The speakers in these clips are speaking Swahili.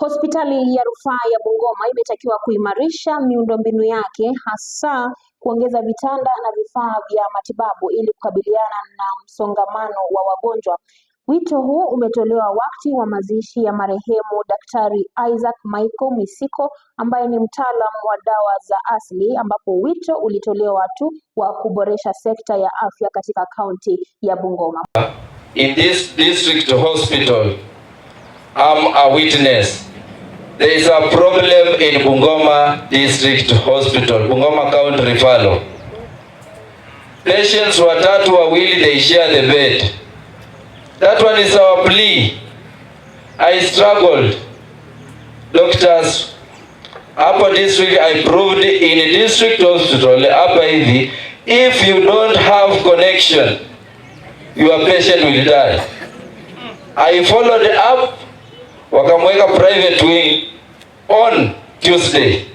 Hospitali ya Rufaa ya Bungoma imetakiwa kuimarisha miundombinu yake hasa kuongeza vitanda na vifaa vya matibabu ili kukabiliana na msongamano wa wagonjwa. Wito huu umetolewa wakati wa mazishi ya marehemu Daktari Isaac Michael Misiko ambaye ni mtaalamu wa dawa za asili ambapo wito ulitolewa tu wa kuboresha sekta ya afya katika kaunti ya Bungoma. In this district hospital, I'm a witness There is a problem in Bungoma District Hospital, Bungoma County Referral. Patients watatu wawili, they share the bed. That one is our plea. I struggled. Doctors, Upper district I proved in district hospital Upper, if you don't have connection, your patient will die. I followed up wakamweka private wing on Tuesday,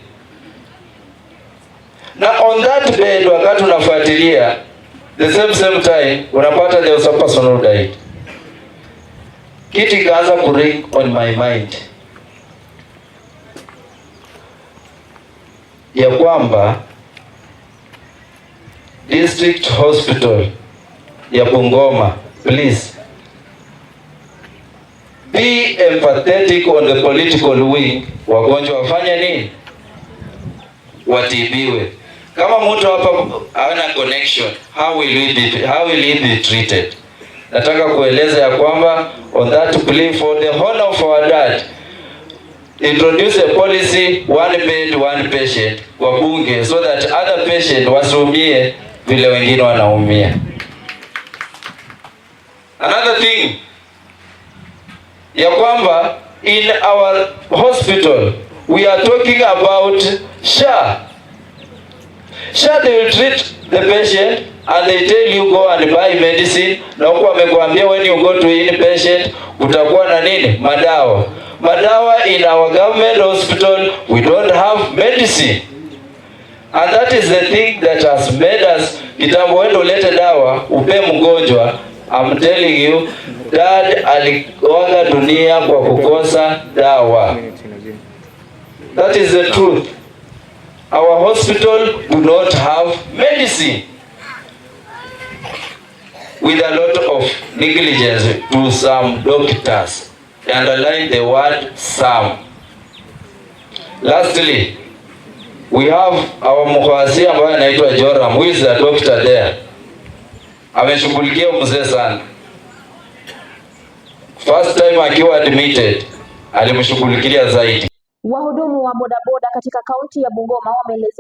na on that day wakati unafuatilia the same same time unapata the personal diet. Kitu ikaanza kuring on my mind ya kwamba district hospital ya Bungoma please be empathetic on the political wing. Wagonjwa wafanye nini? Watibiwe. Kama mtu hapa hana connection, how will he be, how will he be treated? Nataka kueleza ya kwamba on that plea for the honor of our dad introduce a policy one bed one patient kwa bunge so that other patient wasiumie vile wengine wanaumia. Another thing ya kwamba in our hospital we are talking about SHA. SHA they will treat the patient and they tell you go and buy medicine, na huko wamekuambia when you go to inpatient utakuwa na nini? Madawa. Madawa in our government hospital we don't have medicine. And that is the thing that has made us kitambo, wende ulete dawa upe mgonjwa I'm telling you, dad aliaga dunia kwa kukosa dawa. That is the truth. Our hospital do not have medicine. With a lot of negligence to some doctors. Underline the word some. Lastly, we have our mkhwasi ambaye anaitwa Joram, who is a doctor there ameshughulikia mzee sana. First time akiwa admitted alimshughulikia zaidi. Wahudumu wa bodaboda katika kaunti ya Bungoma wameelezea